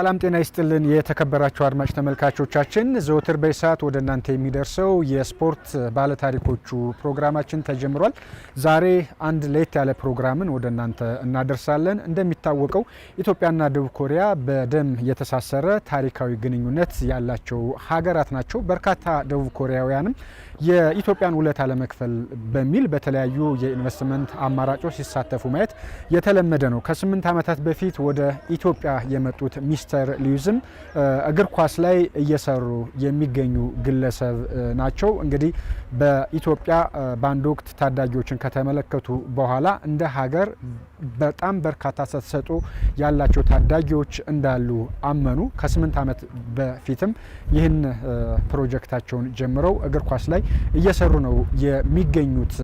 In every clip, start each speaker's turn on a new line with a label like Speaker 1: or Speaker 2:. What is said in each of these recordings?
Speaker 1: ሰላም ጤና ይስጥልን የተከበራችሁ አድማጭ ተመልካቾቻችን፣ ዘወትር በሰዓት ወደ እናንተ የሚደርሰው የስፖርት ባለታሪኮቹ ፕሮግራማችን ተጀምሯል። ዛሬ አንድ ለየት ያለ ፕሮግራምን ወደ እናንተ እናደርሳለን። እንደሚታወቀው ኢትዮጵያና ደቡብ ኮሪያ በደም የተሳሰረ ታሪካዊ ግንኙነት ያላቸው ሀገራት ናቸው። በርካታ ደቡብ ኮሪያውያንም የኢትዮጵያን ውለታ ለመክፈል በሚል በተለያዩ የኢንቨስትመንት አማራጮች ሲሳተፉ ማየት የተለመደ ነው። ከስምንት ዓመታት በፊት ወደ ኢትዮጵያ የመጡት ሚስተር ሊዩዝም እግር ኳስ ላይ እየሰሩ የሚገኙ ግለሰብ ናቸው። እንግዲህ በኢትዮጵያ በአንድ ወቅት ታዳጊዎችን ከተመለከቱ በኋላ እንደ ሀገር በጣም በርካታ ተሰጥኦ ያላቸው ታዳጊዎች እንዳሉ አመኑ። ከስምንት ዓመት በፊትም ይህን ፕሮጀክታቸውን ጀምረው እግር ኳስ ላይ እየሰሩ ነው የሚገኙት።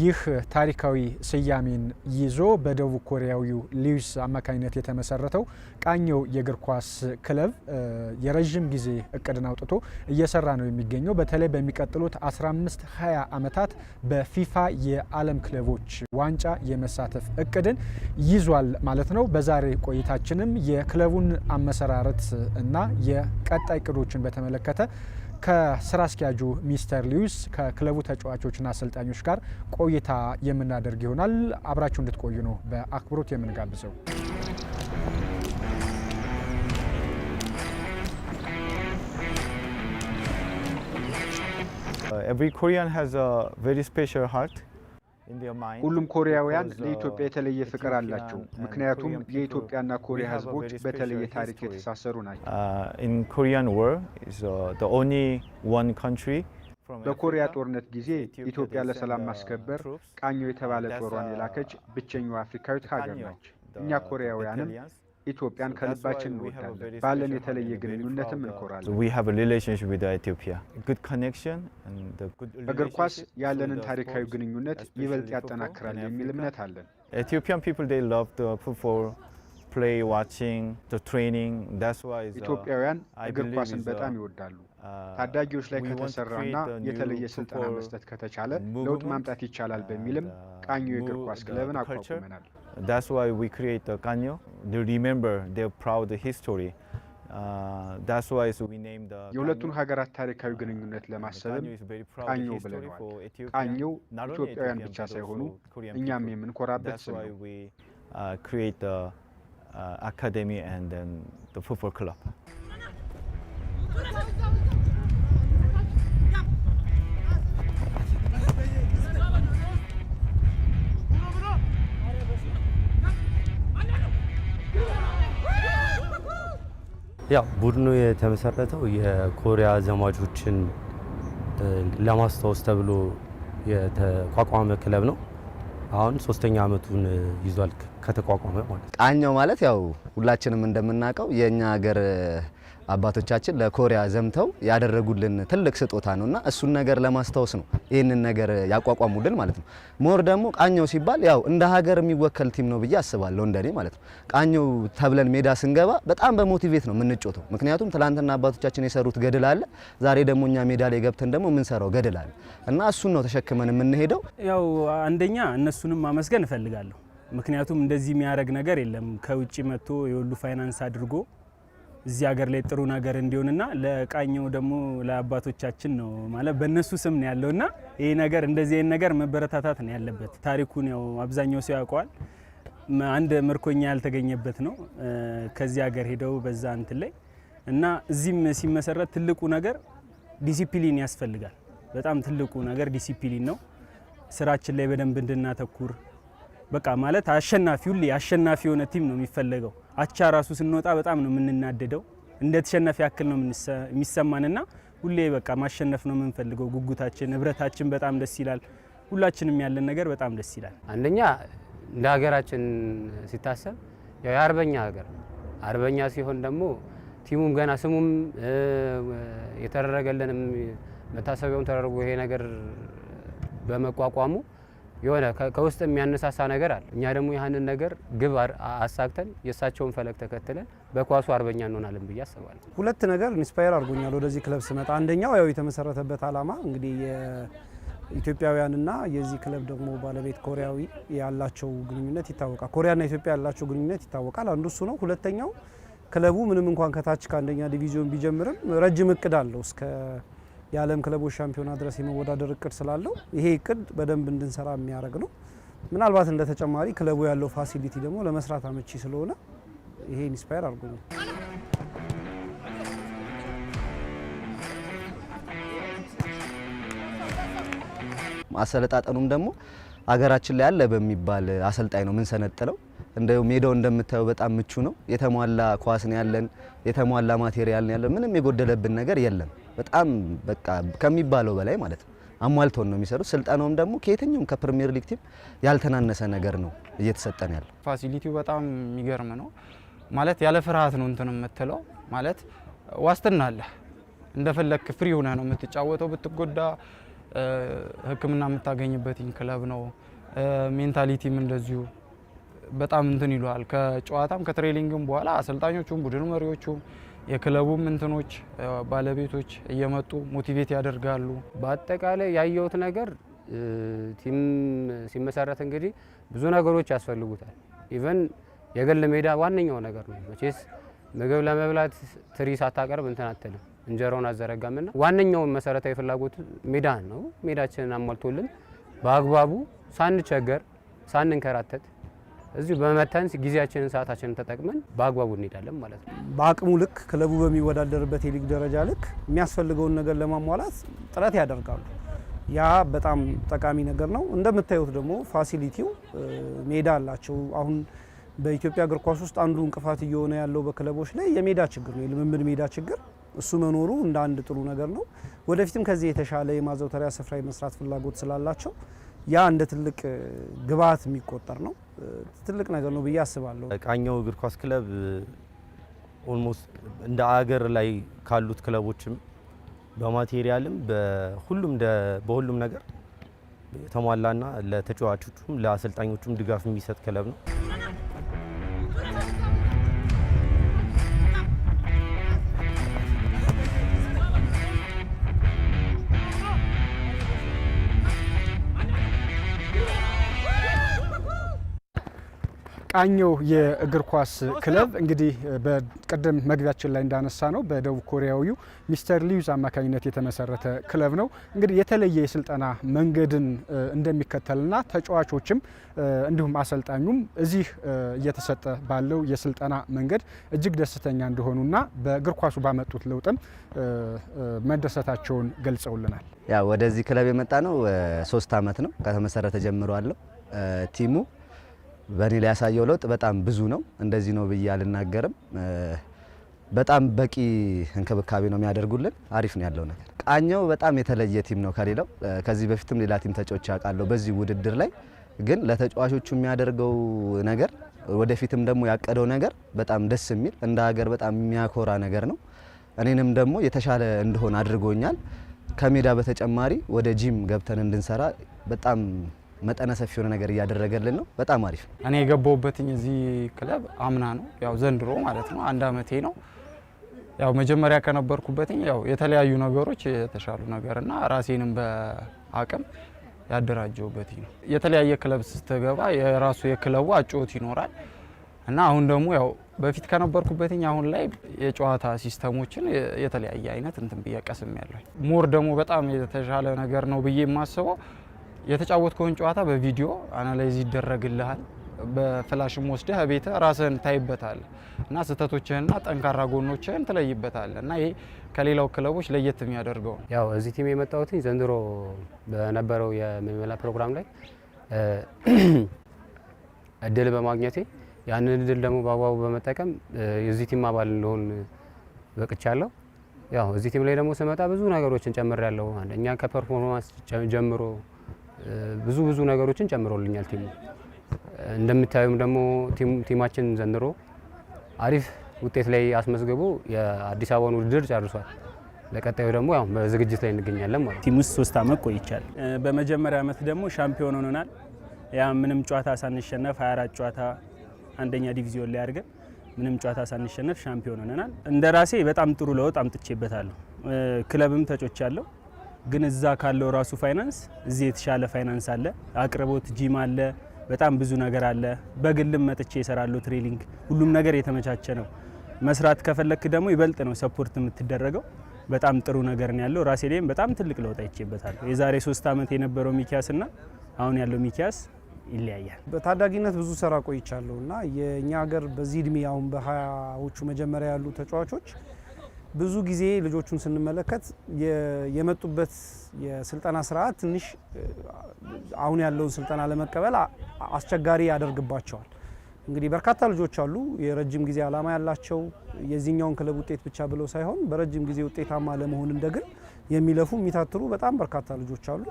Speaker 1: ይህ ታሪካዊ ስያሜን ይዞ በደቡብ ኮሪያዊው ሊዩስ አማካኝነት የተመሰረተው ቃኘው የእግር ኳስ ክለብ የረዥም ጊዜ እቅድን አውጥቶ እየሰራ ነው የሚገኘው። በተለይ በሚቀጥሉት 15 20 ዓመታት በፊፋ የዓለም ክለቦች ዋንጫ የመሳተፍ እቅድን ይዟል ማለት ነው። በዛሬ ቆይታችንም የክለቡን አመሰራረት እና የቀጣይ እቅዶችን በተመለከተ ከስራ አስኪያጁ ሚስተር ሊዩስ ከክለቡ ተጫዋቾችና አሰልጣኞች ጋር ቆይታ የምናደርግ ይሆናል። አብራችሁ እንድትቆዩ ነው በአክብሮት የምንጋብዘው።
Speaker 2: uh, Every Korean has a very special heart.
Speaker 1: ሁሉም ኮሪያውያን ለኢትዮጵያ uh, የተለየ ፍቅር አላቸው። ምክንያቱም የኢትዮጵያና ኮሪያ ሕዝቦች በተለየ ታሪክ የተሳሰሩ ናቸው። በኮሪያ uh, uh, ጦርነት ጊዜ ኢትዮጵያ ለሰላም ማስከበር ቃኘው የተባለ ጦሯን የላከች ብቸኛዋ አፍሪካዊት ሀገር ነች። እኛ ኮሪያውያንም ኢትዮጵያን ከልባችን እንወዳለን። ባለን የተለየ ግንኙነትም እንኮራለን። እግር ኳስ ያለንን ታሪካዊ ግንኙነት ይበልጥ ያጠናክራል የሚል እምነት አለን። uh,
Speaker 2: ኢትዮጵያውያን
Speaker 1: እግር ኳስን uh, በጣም ይወዳሉ። uh, ታዳጊዎች ላይ ከተሰራና የተለየ ስልጠና መስጠት ከተቻለ ለውጥ ማምጣት ይቻላል በሚልም ቃኙ የእግር ኳስ ክለብን አቋቁመናል።
Speaker 2: That's why we create the Ganyo, They remember their proud history. Uh, that's why so we named the
Speaker 1: የሁለቱን ሀገራት ታሪካዊ ግንኙነት ለማሰብም ቃኞ ብለነዋል። ቃኞ ኢትዮጵያውያን ብቻ ሳይሆኑ እኛም that's why we
Speaker 2: uh, create the uh, academy and then the football club.
Speaker 1: ቡድኑ የተመሰረተው የኮሪያ ዘማቾችን ለማስታወስ ተብሎ የተቋቋመ ክለብ ነው። አሁን ሶስተኛ አመቱን ይዟል ከተቋቋመ ማለት ነው። ቃኘው ማለት ያው ሁላችንም እንደምናውቀው የእኛ ሀገር አባቶቻችን ለኮሪያ ዘምተው ያደረጉልን ትልቅ ስጦታ እና እሱን ነገር ለማስታወስ ነው ይህንን ነገር ያቋቋሙልን ማለት ነው። ሞር ደግሞ ቃኘው ሲባል ያው እንደ ሀገር የሚወከል ቲም ነው ብዬ አስባለሁ፣ እንደኔ ማለት ነው። ቃኘው ተብለን ሜዳ ስንገባ በጣም በሞቲቬት ነው የምንጮተው። ምክንያቱም ትላንትና አባቶቻችን የሰሩት ገድል አለ፣ ዛሬ ደግሞ እኛ ሜዳ ላይ ገብተን ደግሞ የምንሰራው ገድል አለ እና እሱን ነው ተሸክመን የምንሄደው። ያው አንደኛ እነሱንም ማመስገን እፈልጋለሁ፣ ምክንያቱም እንደዚህ የሚያደርግ ነገር የለም ከውጭ መጥቶ የወሉ ፋይናንስ አድርጎ እዚህ ሀገር ላይ ጥሩ ነገር እንዲሆንና ለቃኘው ደግሞ ለአባቶቻችን ነው ማለት በእነሱ ስም ነው ያለውና ይሄ ነገር እንደዚህ አይነት ነገር መበረታታት ነው ያለበት። ታሪኩን ያው አብዛኛው ሰው ያውቀዋል። አንድ ምርኮኛ ያልተገኘበት ነው ከዚህ ሀገር ሄደው በዛ እንትን ላይ እና እዚህም ሲመሰረት ትልቁ ነገር ዲሲፕሊን ያስፈልጋል። በጣም ትልቁ ነገር ዲሲፕሊን ነው። ስራችን ላይ በደንብ እንድናተኩር በቃ ማለት አሸናፊ ሁሌ አሸናፊ የሆነ ቲም ነው የሚፈለገው። አቻ ራሱ ስንወጣ በጣም ነው የምንናደደው። እንደ ተሸናፊ ያክል ነው የሚሰማንና ሁሌ በቃ ማሸነፍ ነው የምንፈልገው። ጉጉታችን፣ ህብረታችን በጣም ደስ ይላል። ሁላችንም ያለን ነገር በጣም ደስ ይላል። አንደኛ እንደ ሀገራችን ሲታሰብ ያው የአርበኛ ሀገር አርበኛ ሲሆን ደግሞ ቲሙም ገና ስሙም የተደረገልንም መታሰቢያውም ተደርጎ ይሄ ነገር በመቋቋሙ የሆነ ከውስጥ የሚያነሳሳ ነገር አለ። እኛ ደግሞ ያህንን ነገር ግብ አሳግተን የእሳቸውን ፈለግ ተከትለን በኳሱ አርበኛ እንሆናለን ብዬ አስባለሁ። ሁለት ነገር ኢንስፓየር አድርጎኛል ወደዚህ ክለብ ስመጣ። አንደኛው ያው የተመሰረተበት አላማ እንግዲህ ኢትዮጵያውያንና የዚህ ክለብ ደግሞ ባለቤት ኮሪያዊ ያላቸው ግንኙነት ይታወቃል። ኮሪያና ኢትዮጵያ ያላቸው ግንኙነት ይታወቃል። አንዱ እሱ ነው። ሁለተኛው ክለቡ ምንም እንኳን ከታች ከአንደኛ ዲቪዚዮን ቢጀምርም ረጅም እቅድ አለው እስከ የዓለም ክለቦች ሻምፒዮና ድረስ የመወዳደር እቅድ ስላለው ይሄ እቅድ በደንብ እንድንሰራ የሚያደርግ ነው። ምናልባት እንደ ተጨማሪ ክለቡ ያለው ፋሲሊቲ ደግሞ ለመስራት አመቺ ስለሆነ ይሄ ኢንስፓየር አድርጎኛል። አሰለጣጠኑም ደግሞ አገራችን ላይ አለ በሚባል አሰልጣኝ ነው የምንሰነጥለው። እንደ ሜዳው እንደምታየው በጣም ምቹ ነው። የተሟላ ኳስ ነው ያለን፣ የተሟላ ማቴሪያል ነው ያለን። ምንም የጎደለብን ነገር የለም። በጣም በቃ ከሚባለው በላይ ማለት ነው አሟልተውን ነው የሚሰሩት። ስልጠናውም ደግሞ ከየትኛውም ከፕሪሚየር ሊግ ቲም ያልተናነሰ ነገር ነው እየተሰጠን ያለው። ፋሲሊቲው በጣም የሚገርም ነው ማለት ያለ ፍርሃት ነው እንትን የምትለው ማለት ዋስትና አለ እንደፈለክ ፍሪ ሆነ ነው የምትጫወተው። ብትጎዳ ሕክምና የምታገኝበት ክለብ ነው። ሜንታሊቲም እንደዚሁ በጣም እንትን ይለዋል። ከጨዋታም ከትሬኒንግም በኋላ አሰልጣኞቹም ቡድን መሪዎቹም የክለቡም እንትኖች ባለቤቶች እየመጡ ሞቲቬት ያደርጋሉ። በአጠቃላይ ያየሁት ነገር ቲም ሲመሰረት እንግዲህ ብዙ ነገሮች ያስፈልጉታል። ኢቨን የግል ሜዳ ዋነኛው ነገር ነው። መቼስ ምግብ ለመብላት ትሪ ሳታቀርብ እንትን አትልም፣ እንጀራውን አዘረጋም ና ዋነኛውን መሰረታዊ ፍላጎት ሜዳ ነው። ሜዳችንን አሟልቶልን በአግባቡ ሳንቸገር ሳንንከራተት እዚሁ በመታን ጊዜያችንን ሰዓታችንን ተጠቅመን በአግባቡ እንሄዳለን ማለት ነው። በአቅሙ ልክ ክለቡ በሚወዳደርበት የሊግ ደረጃ ልክ የሚያስፈልገውን ነገር ለማሟላት ጥረት ያደርጋሉ። ያ በጣም ጠቃሚ ነገር ነው። እንደምታዩት ደግሞ ፋሲሊቲው ሜዳ አላቸው። አሁን በኢትዮጵያ እግር ኳስ ውስጥ አንዱ እንቅፋት እየሆነ ያለው በክለቦች ላይ የሜዳ ችግር ነው፣ የልምምድ ሜዳ ችግር። እሱ መኖሩ እንደ አንድ ጥሩ ነገር ነው። ወደፊትም ከዚህ የተሻለ የማዘውተሪያ ስፍራ የመስራት ፍላጎት ስላላቸው ያ እንደ ትልቅ ግብዓት የሚቆጠር ነው። ትልቅ ነገር ነው ብዬ አስባለሁ። ቃኘው እግር ኳስ ክለብ ኦልሞስት እንደ አገር ላይ ካሉት ክለቦችም በማቴሪያልም በሁሉም በሁሉም ነገር የተሟላና ለተጫዋቾቹም ለአሰልጣኞቹም ድጋፍ የሚሰጥ ክለብ ነው። ቃኘው የእግር ኳስ ክለብ እንግዲህ በቀደም መግቢያችን ላይ እንዳነሳ ነው በደቡብ ኮሪያዊው ሚስተር ሊዩዝ አማካኝነት የተመሰረተ ክለብ ነው። እንግዲህ የተለየ የስልጠና መንገድን እንደሚከተልና ተጫዋቾችም እንዲሁም አሰልጣኙም እዚህ እየተሰጠ ባለው የስልጠና መንገድ እጅግ ደስተኛ እንደሆኑና በእግር ኳሱ ባመጡት ለውጥም መደሰታቸውን ገልጸውልናል። ያ ወደዚህ ክለብ የመጣ ነው ሶስት አመት ነው ከተመሰረተ ጀምሮ አለው ቲሙ በእኔ ላይ ያሳየው ለውጥ በጣም ብዙ ነው። እንደዚህ ነው ብዬ አልናገርም። በጣም በቂ እንክብካቤ ነው የሚያደርጉልን። አሪፍ ነው ያለው ነገር። ቃኘው በጣም የተለየ ቲም ነው ከሌላው። ከዚህ በፊትም ሌላ ቲም ተጫዎች ያውቃለሁ። በዚህ ውድድር ላይ ግን ለተጫዋቾቹ የሚያደርገው ነገር ወደፊትም ደግሞ ያቀደው ነገር በጣም ደስ የሚል እንደ ሀገር በጣም የሚያኮራ ነገር ነው። እኔንም ደግሞ የተሻለ እንድሆን አድርጎኛል። ከሜዳ በተጨማሪ ወደ ጂም ገብተን እንድንሰራ በጣም መጠነ ሰፊ የሆነ ነገር እያደረገልን ነው። በጣም አሪፍ ነው። እኔ የገባሁበትኝ እዚህ ክለብ አምና ነው፣ ያው ዘንድሮ ማለት ነው አንድ አመቴ ነው። ያው መጀመሪያ ከነበርኩበትኝ ያው የተለያዩ ነገሮች የተሻሉ ነገርና ራሴንም በአቅም ያደራጀውበት ነው። የተለያየ ክለብ ስትገባ የራሱ የክለቡ አጨዋወት ይኖራል እና አሁን ደግሞ ያው በፊት ከነበርኩበትኝ አሁን ላይ የጨዋታ ሲስተሞችን የተለያየ አይነት እንትን ብዬ ቀስም ያለሁ ሞር ደግሞ በጣም የተሻለ ነገር ነው ብዬ የማስበው የተጫወትከውን ጨዋታ በቪዲዮ አናላይዝ ይደረግልሃል። በፍላሽም ወስደህ ቤተ ራስህን ታይበታል እና ስህተቶችህንና ጠንካራ ጎኖችህን ትለይበታል እና ይሄ ከሌላው ክለቦች ለየት የሚያደርገው ያው እዚህ ቲም የመጣሁት ዘንድሮ በነበረው የመመላ ፕሮግራም ላይ እድል በማግኘቴ ያንን እድል ደግሞ በአግባቡ በመጠቀም የዚህ ቲም አባል እንደሆን በቅቻለሁ። ያው እዚህ ቲም ላይ ደግሞ ስመጣ ብዙ ነገሮችን ያለው አንደኛ ከፐርፎርማንስ ጀምሮ ብዙ ብዙ ነገሮችን ጨምሮልኛል ቲሙ። እንደምታዩም ደግሞ ቲማችን ዘንድሮ አሪፍ ውጤት ላይ አስመዝግቦ የአዲስ አበባን ውድድር ጨርሷል። ለቀጣዩ ደግሞ ያው በዝግጅት ላይ እንገኛለን ማለት ቲም ውስጥ ሶስት አመት ቆይቻል። በመጀመሪያ አመት ደግሞ ሻምፒዮን ሆነናል። ያ ምንም ጨዋታ ሳንሸነፍ 24 ጨዋታ አንደኛ ዲቪዚዮን ላይ አድርገን ምንም ጨዋታ ሳንሸነፍ ሻምፒዮን ሆነናል። እንደ ራሴ በጣም ጥሩ ለውጥ አምጥቼበታለሁ። ክለብም ተጮች አለው። ግን እዛ ካለው ራሱ ፋይናንስ እዚህ የተሻለ ፋይናንስ አለ፣ አቅርቦት፣ ጂም አለ፣ በጣም ብዙ ነገር አለ። በግልም መጥቼ እሰራለሁ ትሬሊንግ፣ ሁሉም ነገር የተመቻቸ ነው። መስራት ከፈለክ ደግሞ ይበልጥ ነው ሰፖርት የምትደረገው። በጣም ጥሩ ነገር ነው ያለው። ራሴ ላይም በጣም ትልቅ ለውጥ አይቼበታለሁ። የዛሬ ሶስት ዓመት የነበረው ሚኪያስና አሁን ያለው ሚኪያስ ይለያያል። በታዳጊነት ብዙ ሰራ ቆይቻለሁ እና የእኛ ሀገር በዚህ እድሜ አሁን በሀያዎቹ መጀመሪያ ያሉ ተጫዋቾች ብዙ ጊዜ ልጆቹን ስንመለከት የመጡበት የስልጠና ስርዓት ትንሽ አሁን ያለውን ስልጠና ለመቀበል አስቸጋሪ ያደርግባቸዋል። እንግዲህ በርካታ ልጆች አሉ የረጅም ጊዜ ዓላማ ያላቸው የዚህኛውን ክለብ ውጤት ብቻ ብለው ሳይሆን በረጅም ጊዜ ውጤታማ ለመሆን እንደግል የሚለፉ የሚታትሩ በጣም በርካታ ልጆች አሉ።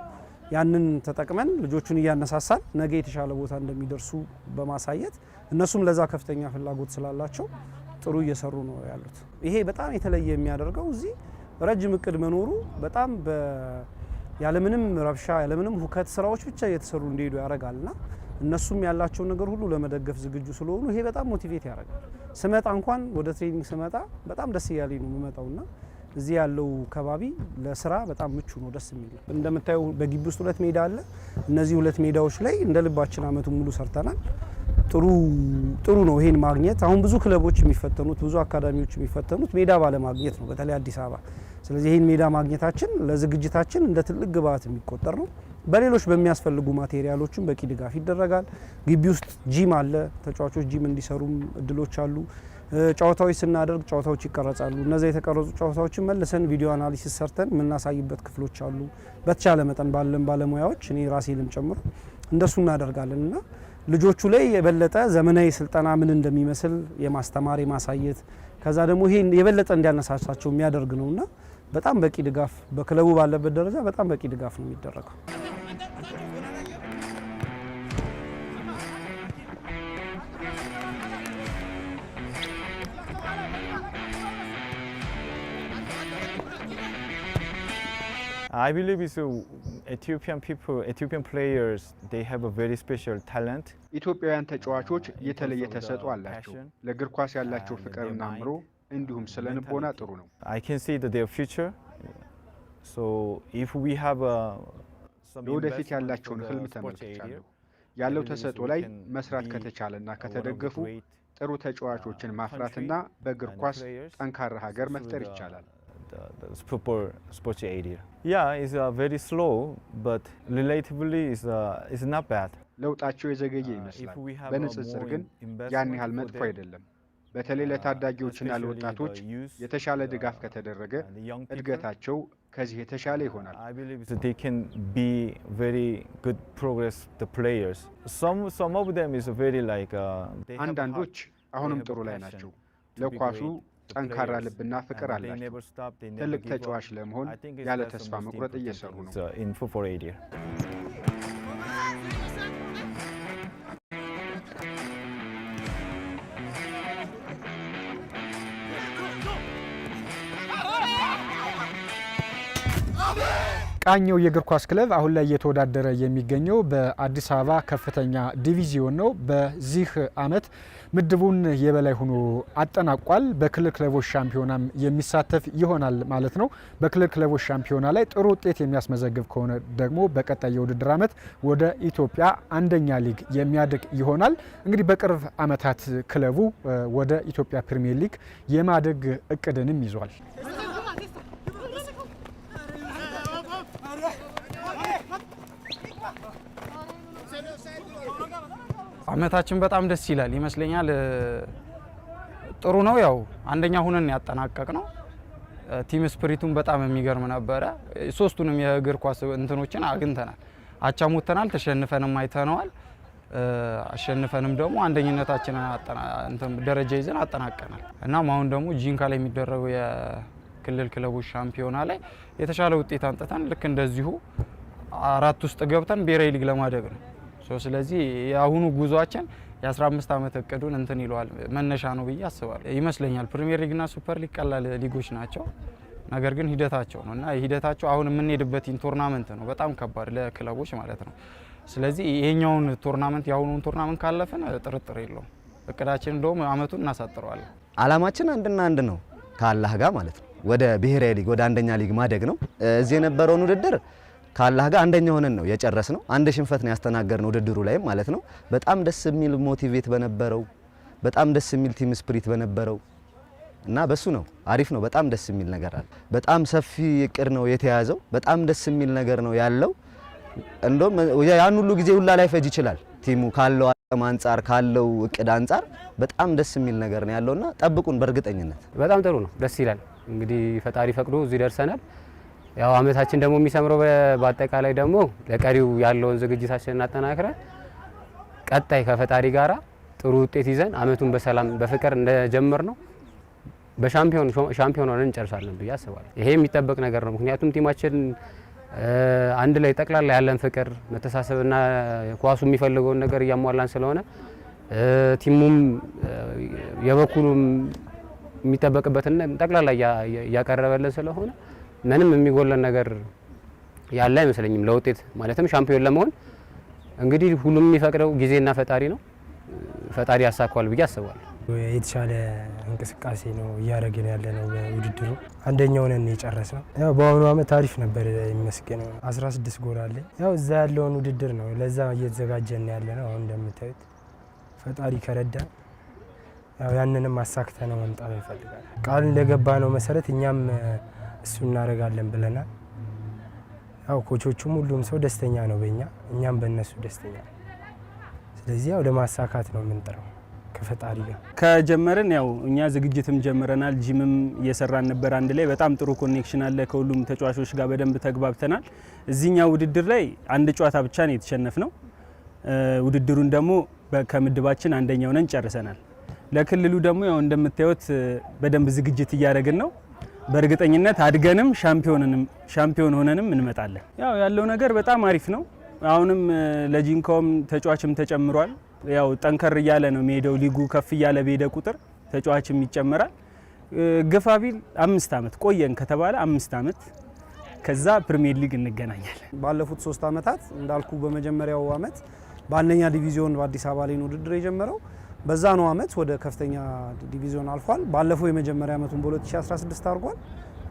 Speaker 1: ያንን ተጠቅመን ልጆቹን እያነሳሳን ነገ የተሻለ ቦታ እንደሚደርሱ በማሳየት እነሱም ለዛ ከፍተኛ ፍላጎት ስላላቸው ጥሩ እየሰሩ ነው ያሉት። ይሄ በጣም የተለየ የሚያደርገው እዚህ ረጅም እቅድ መኖሩ በጣም ያለምንም ረብሻ ያለምንም ሁከት ስራዎች ብቻ እየተሰሩ እንዲሄዱ ያደርጋልና እነሱም ያላቸውን ነገር ሁሉ ለመደገፍ ዝግጁ ስለሆኑ ይሄ በጣም ሞቲቬት ያደርጋል። ስመጣ እንኳን ወደ ትሬኒንግ ስመጣ በጣም ደስ እያለኝ ነው የምመጣውና እዚህ ያለው ከባቢ ለስራ በጣም ምቹ ነው፣ ደስ የሚል ነው። እንደምታየው በግቢ ውስጥ ሁለት ሜዳ አለ። እነዚህ ሁለት ሜዳዎች ላይ እንደ ልባችን አመቱን ሙሉ ሰርተናል። ጥሩ ጥሩ ነው ይሄን ማግኘት። አሁን ብዙ ክለቦች የሚፈተኑት ብዙ አካዳሚዎች የሚፈተኑት ሜዳ ባለማግኘት ነው፣ በተለይ አዲስ አበባ። ስለዚህ ይሄን ሜዳ ማግኘታችን ለዝግጅታችን እንደ ትልቅ ግብዓት የሚቆጠር ነው። በሌሎች በሚያስፈልጉ ማቴሪያሎችም በቂ ድጋፍ ይደረጋል። ግቢ ውስጥ ጂም አለ፣ ተጫዋቾች ጂም እንዲሰሩም እድሎች አሉ። ጨዋታዎች ስናደርግ ጨዋታዎች ይቀረጻሉ። እነዚ የተቀረጹ ጨዋታዎችን መልሰን ቪዲዮ አናሊሲስ ሰርተን የምናሳይበት ክፍሎች አሉ። በተቻለ መጠን ባለን ባለሙያዎች እኔ ራሴ ልም ጨምሮ እንደሱ እናደርጋለን እና ልጆቹ ላይ የበለጠ ዘመናዊ ስልጠና ምን እንደሚመስል የማስተማር የማሳየት ከዛ ደግሞ ይሄ የበለጠ እንዲያነሳሳቸው የሚያደርግ ነውና በጣም በቂ ድጋፍ በክለቡ ባለበት ደረጃ በጣም በቂ ድጋፍ ነው የሚደረገው።
Speaker 2: I believe it's uh, Ethiopian people, Ethiopian players, they have a very special talent.
Speaker 1: ኢትዮጵያውያን ተጫዋቾች uh, የተለየ ተሰጥኦ አላቸው። ለእግር ኳስ ያላቸው ፍቅርና አምሮ እንዲሁም ስለ ንቦና ጥሩ ነው።
Speaker 2: I can see that their future. So if we have a uh,
Speaker 1: ለወደፊት ያላቸውን ህልም ተመልክቻለሁ። ያለው ተሰጥኦ ላይ መስራት ከተቻለና ከተደገፉ ጥሩ ተጫዋቾችን ማፍራትና በእግር ኳስ ጠንካራ ሀገር መፍጠር ይቻላል።
Speaker 2: the, the football sports area. Yeah, it's uh, very slow, but relatively it's, uh, it's not bad.
Speaker 1: ለውጣቸው የዘገየ uh, ይመስላል። በንጽጽር ግን ያን ያህል መጥፎ አይደለም። በተለይ uh, ለታዳጊዎችና ለወጣቶች የተሻለ uh, ድጋፍ ከተደረገ እድገታቸው ከዚህ የተሻለ ይሆናል። አንዳንዶች አሁንም ጥሩ ላይ ናቸው። ለኳሱ ጠንካራ ልብና ፍቅር አላቸው። ትልቅ ተጫዋች ለመሆን ያለ ተስፋ መቁረጥ እየሰሩ ነው። ቃኘው የእግር ኳስ ክለብ አሁን ላይ እየተወዳደረ የሚገኘው በአዲስ አበባ ከፍተኛ ዲቪዚዮን ነው። በዚህ አመት ምድቡን የበላይ ሆኖ አጠናቋል። በክልል ክለቦች ሻምፒዮናም የሚሳተፍ ይሆናል ማለት ነው። በክልል ክለቦች ሻምፒዮና ላይ ጥሩ ውጤት የሚያስመዘግብ ከሆነ ደግሞ በቀጣይ የውድድር አመት ወደ ኢትዮጵያ አንደኛ ሊግ የሚያድግ ይሆናል። እንግዲህ በቅርብ አመታት ክለቡ ወደ ኢትዮጵያ ፕሪሚየር ሊግ የማደግ እቅድንም ይዟል። አመታችን በጣም ደስ ይላል ይመስለኛል። ጥሩ ነው። ያው አንደኛ ሁነን ያጠናቀቅ ነው። ቲም ስፕሪቱን በጣም የሚገርም ነበረ። ሶስቱንም የእግር ኳስ እንትኖችን አግኝተናል። አቻሙተናል፣ ተሸንፈንም አይተነዋል። አሸንፈንም ደግሞ አንደኝነታችንን ደረጃ ይዘን አጠናቀናል። እናም አሁን ደግሞ ጂንካ ላይ የሚደረገው የክልል ክለቦች ሻምፒዮና ላይ የተሻለ ውጤት አንጥተን ልክ እንደዚሁ አራት ውስጥ ገብተን ብሔራዊ ሊግ ለማደግ ነው። ስለዚህ የአሁኑ ጉዟችን የ15 ዓመት እቅዱን እንትን ይለዋል መነሻ ነው ብዬ አስባለሁ ይመስለኛል። ፕሪሚየር ሊግና ሱፐር ሊግ ቀላል ሊጎች ናቸው፣ ነገር ግን ሂደታቸው ነው እና ሂደታቸው አሁን የምንሄድበት ቶርናመንት ነው በጣም ከባድ ለክለቦች ማለት ነው። ስለዚህ ይሄኛውን ቶርናመንት የአሁኑን ቶርናመንት ካለፍን ጥርጥር የለውም እቅዳችን እንደውም አመቱን እናሳጥረዋለን። አላማችን አንድና አንድ ነው ከአላህ ጋር ማለት ነው፣ ወደ ብሔራዊ ሊግ ወደ አንደኛ ሊግ ማደግ ነው። እዚህ የነበረውን ውድድር ከአላህ ጋር አንደኛ ሆነን ነው የጨረስ ነው። አንድ ሽንፈት ነው ነው ውድድሩ ላይም ማለት ነው። በጣም ደስ የሚል ሞቲቬት በነበረው በጣም ደስ የሚል ቲም ስፕሪት በነበረው እና በሱ ነው አሪፍ ነው። በጣም ደስ የሚል ነገር አለ። በጣም ሰፊ እቅድ ነው የተያዘው። በጣም ደስ የሚል ነገር ነው ያለው። እንደውም ያን ሁሉ ጊዜ ሁላ ላይ ፈጅ ይችላል ቲሙ ካለው አቅም አንጻር ካለው እቅድ አንጻር በጣም ደስ የሚል ነገር ነው ያለውና ጠብቁን በእርግጠኝነት በጣም ጥሩ ነው። ደስ ይላል። እንግዲህ ፈጣሪ ፈቅዶ እዚህ ደርሰናል። ያው አመታችን ደግሞ የሚሰምረው በአጠቃላይ ደግሞ ለቀሪው ያለውን ዝግጅታችን እናጠናክረን ቀጣይ ከፈጣሪ ጋራ ጥሩ ውጤት ይዘን አመቱን በሰላም በፍቅር እንደጀምር ነው በሻምፒዮን ሻምፒዮን ሆነን እንጨርሳለን ብዬ አስባለሁ። ይሄ የሚጠበቅ ነገር ነው። ምክንያቱም ቲማችን አንድ ላይ ጠቅላላ ያለን ፍቅር፣ መተሳሰብና ኳሱ የሚፈልገውን ነገር እያሟላን ስለሆነ ቲሙም የበኩሉ የሚጠበቅበትን ጠቅላላ እያቀረበልን ስለሆነ ምንም የሚጎለን ነገር ያለ አይመስለኝም ለውጤት ማለትም ሻምፒዮን ለመሆን እንግዲህ ሁሉም የሚፈቅደው ጊዜና ፈጣሪ ነው። ፈጣሪ ያሳካዋል ብዬ አስባለሁ። የተሻለ እንቅስቃሴ ነው እያደረግን ያለ ነው። ውድድሩ አንደኛው ነን የጨረስ ነው። ያው በአሁኑ አመት አሪፍ ነበር የሚመስገን ነው። 16 ጎል አለ። ያው እዛ ያለውን ውድድር ነው ለዛ እየተዘጋጀን ያለ ነው። አሁን እንደምታዩት ፈጣሪ ከረዳ ያው ያንንም አሳክተ ነው መምጣት ይፈልጋል። ቃል እንደገባ ነው መሰረት እኛም እሱ እናደርጋለን ብለናል። ያው ኮቾቹም ሁሉም ሰው ደስተኛ ነው በእኛ እኛም በእነሱ ደስተኛ ነው። ስለዚህ ያው ለማሳካት ነው የምንጥረው ከፈጣሪ ጋር ያው እኛ ዝግጅትም ጀምረናል። ጂምም እየሰራን ነበር አንድ ላይ በጣም ጥሩ ኮኔክሽን አለ። ከሁሉም ተጫዋቾች ጋር በደንብ ተግባብተናል። እዚህኛ ውድድር ላይ አንድ ጨዋታ ብቻ ነው የተሸነፍ ነው። ውድድሩን ደግሞ ከምድባችን አንደኛው ነን ጨርሰናል። ለክልሉ ደግሞ ያው እንደምታዩት በደንብ ዝግጅት እያደረግን ነው። በእርግጠኝነት አድገንም ሻምፒዮን ሆነንም እንመጣለን። ያው ያለው ነገር በጣም አሪፍ ነው። አሁንም ለጂንካውም ተጫዋችም ተጨምሯል። ያው ጠንከር እያለ ነው የሚሄደው። ሊጉ ከፍ እያለ በሄደ ቁጥር ተጫዋችም ይጨመራል። ግፋቢል አምስት ዓመት ቆየን ከተባለ አምስት ዓመት ከዛ ፕሪሚየር ሊግ እንገናኛለን። ባለፉት ሶስት ዓመታት እንዳልኩ በመጀመሪያው ዓመት በአንደኛ ዲቪዚዮን በአዲስ አበባ ላይ ነው ውድድር የጀመረው። በዛ ነው አመት ወደ ከፍተኛ ዲቪዚዮን አልፏል። ባለፈው የመጀመሪያ አመቱን በ2016 አድርጓል።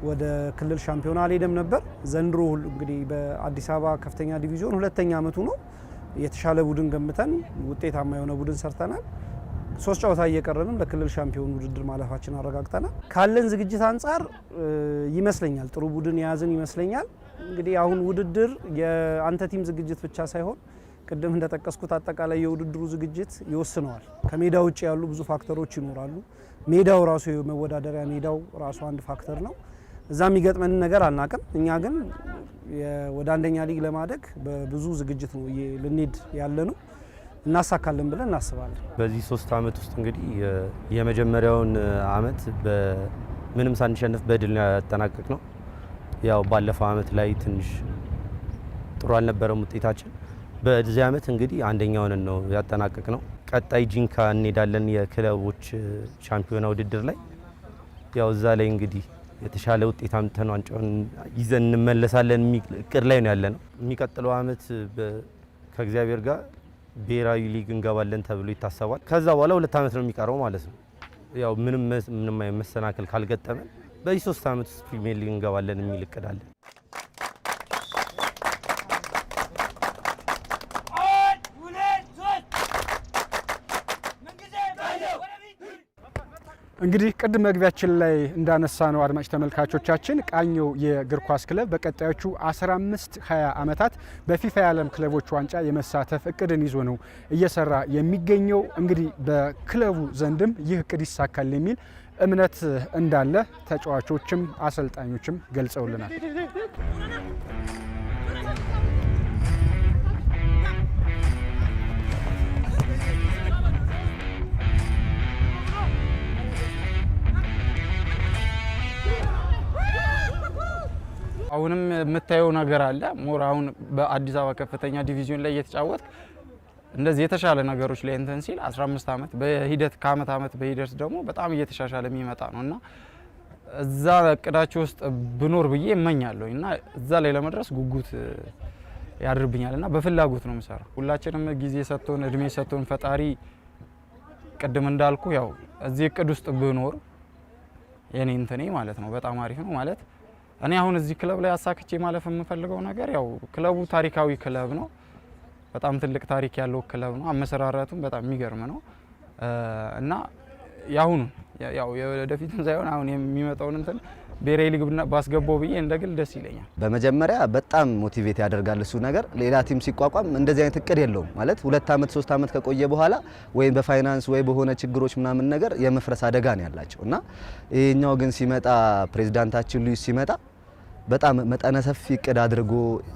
Speaker 1: ወደ ክልል ሻምፒዮና አልሄደም ነበር። ዘንድሮ እንግዲህ በአዲስ አበባ ከፍተኛ ዲቪዚዮን ሁለተኛ አመቱ ነው። የተሻለ ቡድን ገምተን ውጤታማ የሆነ ቡድን ሰርተናል። ሶስት ጨዋታ እየቀረንም ለክልል ሻምፒዮን ውድድር ማለፋችን አረጋግጠናል። ካለን ዝግጅት አንጻር ይመስለኛል ጥሩ ቡድን የያዝን ይመስለኛል። እንግዲህ አሁን ውድድር የአንተ ቲም ዝግጅት ብቻ ሳይሆን ቅድም እንደጠቀስኩት አጠቃላይ የውድድሩ ዝግጅት ይወስነዋል። ከሜዳ ውጭ ያሉ ብዙ ፋክተሮች ይኖራሉ። ሜዳው ራሱ የመወዳደሪያ ሜዳው ራሱ አንድ ፋክተር ነው። እዛ የሚገጥመን ነገር አናቅም። እኛ ግን ወደ አንደኛ ሊግ ለማደግ በብዙ ዝግጅት ነው ልንሄድ ያለ ነው። እናሳካለን ብለን እናስባለን። በዚህ ሶስት አመት ውስጥ እንግዲህ የመጀመሪያውን አመት ምንም ሳንሸንፍ በድል ያጠናቀቅ ነው። ያው ባለፈው አመት ላይ ትንሽ ጥሩ አልነበረም ውጤታችን በዚህ ዓመት እንግዲህ አንደኛውን ነው ያጠናቀቅ ነው። ቀጣይ ጂንካ እንሄዳለን የክለቦች ሻምፒዮና ውድድር ላይ ያው እዛ ላይ እንግዲህ የተሻለ ውጤት አምጥተን ዋንጫውን ይዘን እንመለሳለን እቅድ ላይ ነው ያለ ነው። የሚቀጥለው ዓመት ከእግዚአብሔር ጋር ብሔራዊ ሊግ እንገባለን ተብሎ ይታሰባል። ከዛ በኋላ ሁለት ዓመት ነው የሚቀረው ማለት ነው። ያው ምንም ምንም መሰናክል ካልገጠመን በዚህ ሶስት ዓመት ውስጥ ፕሪሚየር ሊግ እንገባለን የሚል እቅድ አለን። እንግዲህ ቅድም መግቢያችን ላይ እንዳነሳ ነው አድማጭ ተመልካቾቻችን ቃኘው የእግር ኳስ ክለብ በቀጣዮቹ 15 20 ዓመታት በፊፋ የዓለም ክለቦች ዋንጫ የመሳተፍ እቅድን ይዞ ነው እየሰራ የሚገኘው። እንግዲህ በክለቡ ዘንድም ይህ እቅድ ይሳካል የሚል እምነት እንዳለ ተጫዋቾችም አሰልጣኞችም ገልጸውልናል። አሁንም የምታየው ነገር አለ ሞር አሁን በአዲስ አበባ ከፍተኛ ዲቪዥን ላይ እየተጫወት እንደዚህ የተሻለ ነገሮች ላይ እንትን ሲል 15 ዓመት በሂደት ከአመት ዓመት በሂደት ደግሞ በጣም እየተሻሻለ የሚመጣ ነው እና እዛ እቅዳችሁ ውስጥ ብኖር ብዬ እመኛለሁ እና እዛ ላይ ለመድረስ ጉጉት ያድርብኛል እና በፍላጎት ነው የምሰራው። ሁላችንም ጊዜ ሰጥቶን እድሜ ሰጥቶን ፈጣሪ ቅድም እንዳልኩ ያው እዚህ እቅድ ውስጥ ብኖር የኔ እንትኔ ማለት ነው በጣም አሪፍ ነው ማለት እኔ አሁን እዚህ ክለብ ላይ አሳክቼ ማለፍ የምፈልገው ነገር ያው ክለቡ ታሪካዊ ክለብ ነው። በጣም ትልቅ ታሪክ ያለው ክለብ ነው። አመሰራረቱም በጣም የሚገርም ነው እና የአሁኑ ያው የወደፊትም ሳይሆን አሁን የሚመጣውን እንትን ብሔራዊ ሊግ ባስገባው ብዬ እንደግል ደስ ይለኛል። በመጀመሪያ በጣም ሞቲቬት ያደርጋል እሱ ነገር። ሌላ ቲም ሲቋቋም እንደዚህ አይነት እቅድ የለውም ማለት ሁለት ዓመት ሶስት ዓመት ከቆየ በኋላ ወይም በፋይናንስ ወይ በሆነ ችግሮች ምናምን ነገር የመፍረስ አደጋ ነው ያላቸው እና ይህኛው ግን ሲመጣ ፕሬዚዳንታችን ሉዊስ ሲመጣ በጣም መጠነ ሰፊ እቅድ አድርጎ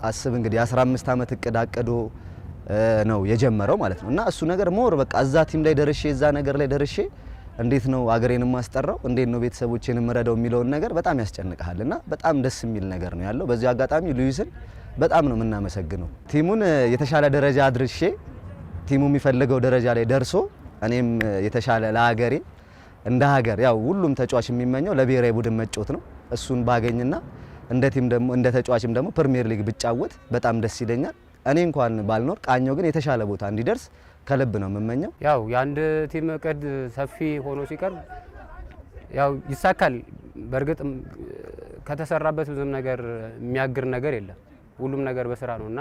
Speaker 1: አስብ እንግዲህ 15 ዓመት እቅድ አቅዶ ነው የጀመረው ማለት ነው። እና እሱ ነገር ሞር በቃ እዛ ቲም ላይ ደርሼ እዛ ነገር ላይ ደርሼ እንዴት ነው አገሬን ማስጠራው፣ እንዴት ነው ቤተሰቦቼን የምረዳው የሚለውን ነገር በጣም ያስጨንቀሃል። እና በጣም ደስ የሚል ነገር ነው ያለው። በዚህ አጋጣሚ ሉዊስን በጣም ነው የምናመሰግነው። ቲሙን የተሻለ ደረጃ አድርሼ ቲሙ የሚፈልገው ደረጃ ላይ ደርሶ እኔም የተሻለ ለሀገሬ እንደ ሀገር ያው ሁሉም ተጫዋች የሚመኘው ለብሔራዊ ቡድን መጫወት ነው። እሱን ባገኝና እንደ ቲም ደግሞ እንደ ተጫዋችም ደግሞ ፕሪሚየር ሊግ ብጫወት በጣም ደስ ይለኛል። እኔ እንኳን ባልኖር ቃኞ ግን የተሻለ ቦታ እንዲደርስ ከልብ ነው የምመኘው። ያው የአንድ ቲም እቅድ ሰፊ ሆኖ ሲቀርብ ያው ይሳካል። በእርግጥ ከተሰራበት ብዙም ነገር የሚያግር ነገር የለም። ሁሉም ነገር በስራ ነው እና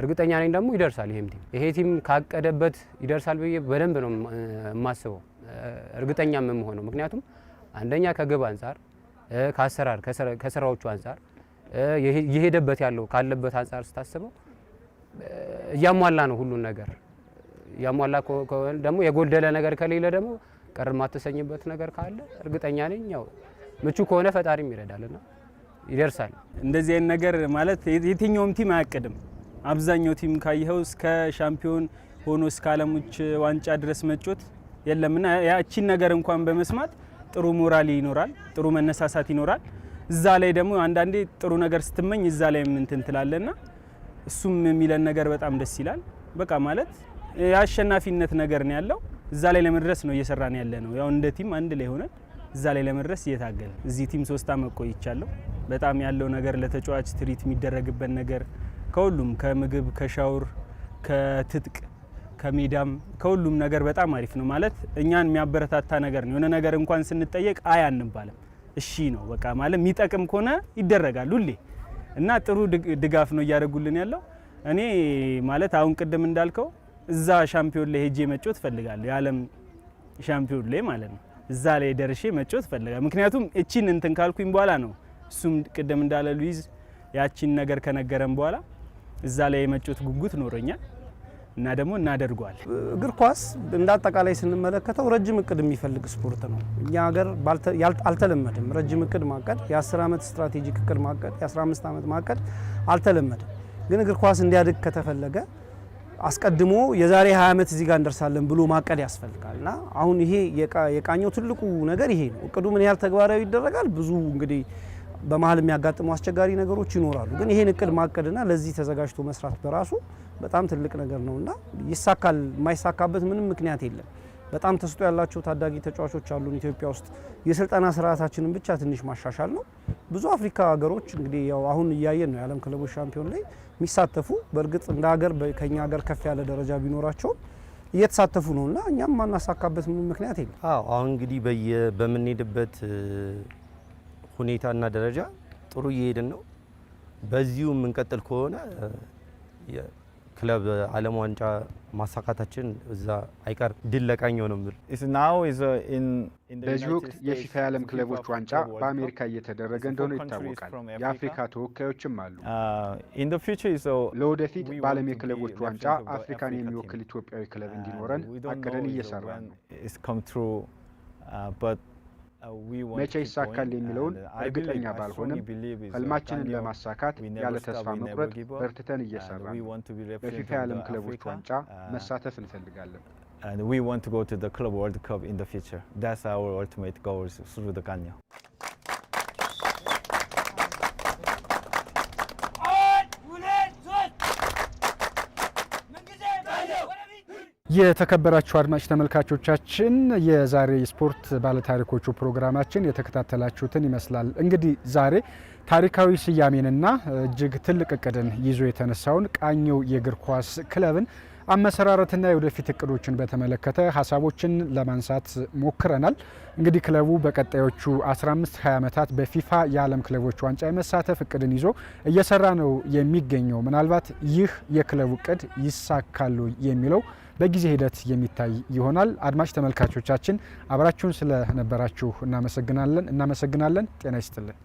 Speaker 1: እርግጠኛ ነኝ ደግሞ ይደርሳል። ይሄም ቲም ይሄ ቲም ካቀደበት ይደርሳል ብዬ በደንብ ነው የማስበው፣ እርግጠኛም የምሆነው ምክንያቱም አንደኛ ከግብ አንጻር ከአሰራር ከስራዎቹ አንጻር የሄደበት ያለው ካለበት አንጻር ስታስበው እያሟላ ነው ሁሉን ነገር እያሟላ ደግሞ የጎደለ ነገር ከሌለ ደግሞ ቀር የማትሰኝበት ነገር ካለ እርግጠኛ ነኝ ያው ምቹ ከሆነ ፈጣሪም ይረዳልና ይደርሳል። እንደዚህ አይነት ነገር ማለት የትኛውም ቲም አያቅድም። አብዛኛው ቲም ካየኸው እስከ ሻምፒዮን ሆኖ እስከ አለሞች ዋንጫ ድረስ መጮት የለምና ያቺን ነገር እንኳን በመስማት ጥሩ ሞራል ይኖራል፣ ጥሩ መነሳሳት ይኖራል። እዛ ላይ ደግሞ አንዳንዴ ጥሩ ነገር ስትመኝ እዛ ላይ ምንትን ትላለና እሱም የሚለን ነገር በጣም ደስ ይላል። በቃ ማለት የአሸናፊነት ነገር ነው ያለው። እዛ ላይ ለመድረስ ነው እየሰራን ያለ ነው። ያው እንደ ቲም አንድ ላይ ሆነን እዛ ላይ ለመድረስ እየታገል እዚህ ቲም ሶስት አመት ቆይቻለሁ። በጣም ያለው ነገር ለተጫዋች ትሪት የሚደረግበት ነገር ከሁሉም ከምግብ፣ ከሻውር፣ ከትጥቅ ከሜዳም ከሁሉም ነገር በጣም አሪፍ ነው። ማለት እኛን የሚያበረታታ ነገር ነው። የሆነ ነገር እንኳን ስንጠየቅ አይ አንባልም፣ እሺ ነው በቃ ማለት የሚጠቅም ከሆነ ይደረጋል ሁሌ እና ጥሩ ድጋፍ ነው እያደረጉልን ያለው። እኔ ማለት አሁን ቅድም እንዳልከው እዛ ሻምፒዮን ላይ ሄጄ መጮት ትፈልጋለሁ፣ የዓለም ሻምፒዮን ላይ ማለት ነው። እዛ ላይ ደርሼ መጮ ትፈልጋለሁ። ምክንያቱም እቺን እንትን ካልኩኝ በኋላ ነው እሱም ቅድም እንዳለ ሉዊዝ ያቺን ነገር ከነገረን በኋላ እዛ ላይ የመጮት ጉጉት ኖረኛል። እና ደግሞ እናደርጓል። እግር ኳስ እንደ አጠቃላይ ስንመለከተው ረጅም እቅድ የሚፈልግ ስፖርት ነው። እኛ ሀገር አልተለመድም። ረጅም እቅድ ማቀድ፣ የ10 ዓመት ስትራቴጂክ እቅድ ማቀድ፣ የ15 ዓመት ማቀድ አልተለመድም። ግን እግር ኳስ እንዲያድግ ከተፈለገ አስቀድሞ የዛሬ 20 ዓመት እዚህ ጋር እንደርሳለን ብሎ ማቀድ ያስፈልጋል እና አሁን ይሄ የቃኘው ትልቁ ነገር ይሄ ነው። እቅዱ ምን ያህል ተግባራዊ ይደረጋል? ብዙ እንግዲህ በመሀል የሚያጋጥሙ አስቸጋሪ ነገሮች ይኖራሉ። ግን ይሄን እቅድ ማቀድና ለዚህ ተዘጋጅቶ መስራት በራሱ በጣም ትልቅ ነገር ነው እና ይሳካል። የማይሳካበት ምንም ምክንያት የለም። በጣም ተስጦ ያላቸው ታዳጊ ተጫዋቾች አሉን ኢትዮጵያ ውስጥ። የስልጠና ስርዓታችንን ብቻ ትንሽ ማሻሻል ነው። ብዙ አፍሪካ ሀገሮች እንግዲህ ያው አሁን እያየን ነው የዓለም ክለቦች ሻምፒዮን ላይ የሚሳተፉ በእርግጥ እንደ ሀገር ከኛ ሀገር ከፍ ያለ ደረጃ ቢኖራቸውም እየተሳተፉ ነው እና እኛም ማናሳካበት ምንም ምክንያት የለም። አዎ አሁን እንግዲህ በምንሄድበት ሁኔታና ደረጃ ጥሩ እየሄድን ነው። በዚሁ የምንቀጥል ከሆነ ክለብ ዓለም ዋንጫ ማሳካታችን እዛ አይቀር ድል ለቃኝ ሆነም በዚህ ወቅት የፊፋ የዓለም ክለቦች ዋንጫ በአሜሪካ እየተደረገ እንደሆነ ይታወቃል። የአፍሪካ ተወካዮችም አሉ። uh, uh, ለወደፊት በዓለም የክለቦች ዋንጫ አፍሪካን የሚወክል ኢትዮጵያዊ ክለብ uh, እንዲኖረን አቅደን እየሰራን
Speaker 2: ነው።
Speaker 1: መቼ ይሳካል የሚለውን እርግጠኛ ባልሆንም ህልማችንን ለማሳካት ያለ ተስፋ መቁረጥ በርትተን እየሰራን በፊፋ የዓለም ክለቦች ዋንጫ መሳተፍ እንፈልጋለን። And we want to go to the Club World Cup in the future. That's our ultimate goals through the Ganyo. የተከበራችሁ አድማጭ ተመልካቾቻችን የዛሬ ስፖርት ባለታሪኮቹ ፕሮግራማችን የተከታተላችሁትን ይመስላል። እንግዲህ ዛሬ ታሪካዊ ስያሜንና እጅግ ትልቅ እቅድን ይዞ የተነሳውን ቃኘው የእግር ኳስ ክለብን አመሰራረትና የወደፊት እቅዶችን በተመለከተ ሀሳቦችን ለማንሳት ሞክረናል። እንግዲህ ክለቡ በቀጣዮቹ 15 20 ዓመታት በፊፋ የዓለም ክለቦች ዋንጫ የመሳተፍ እቅድን ይዞ እየሰራ ነው የሚገኘው። ምናልባት ይህ የክለቡ እቅድ ይሳካሉ የሚለው በጊዜ ሂደት የሚታይ ይሆናል። አድማጭ ተመልካቾቻችን አብራችሁን ስለነበራችሁ እናመሰግናለን እናመሰግናለን። ጤና ይስጥልን።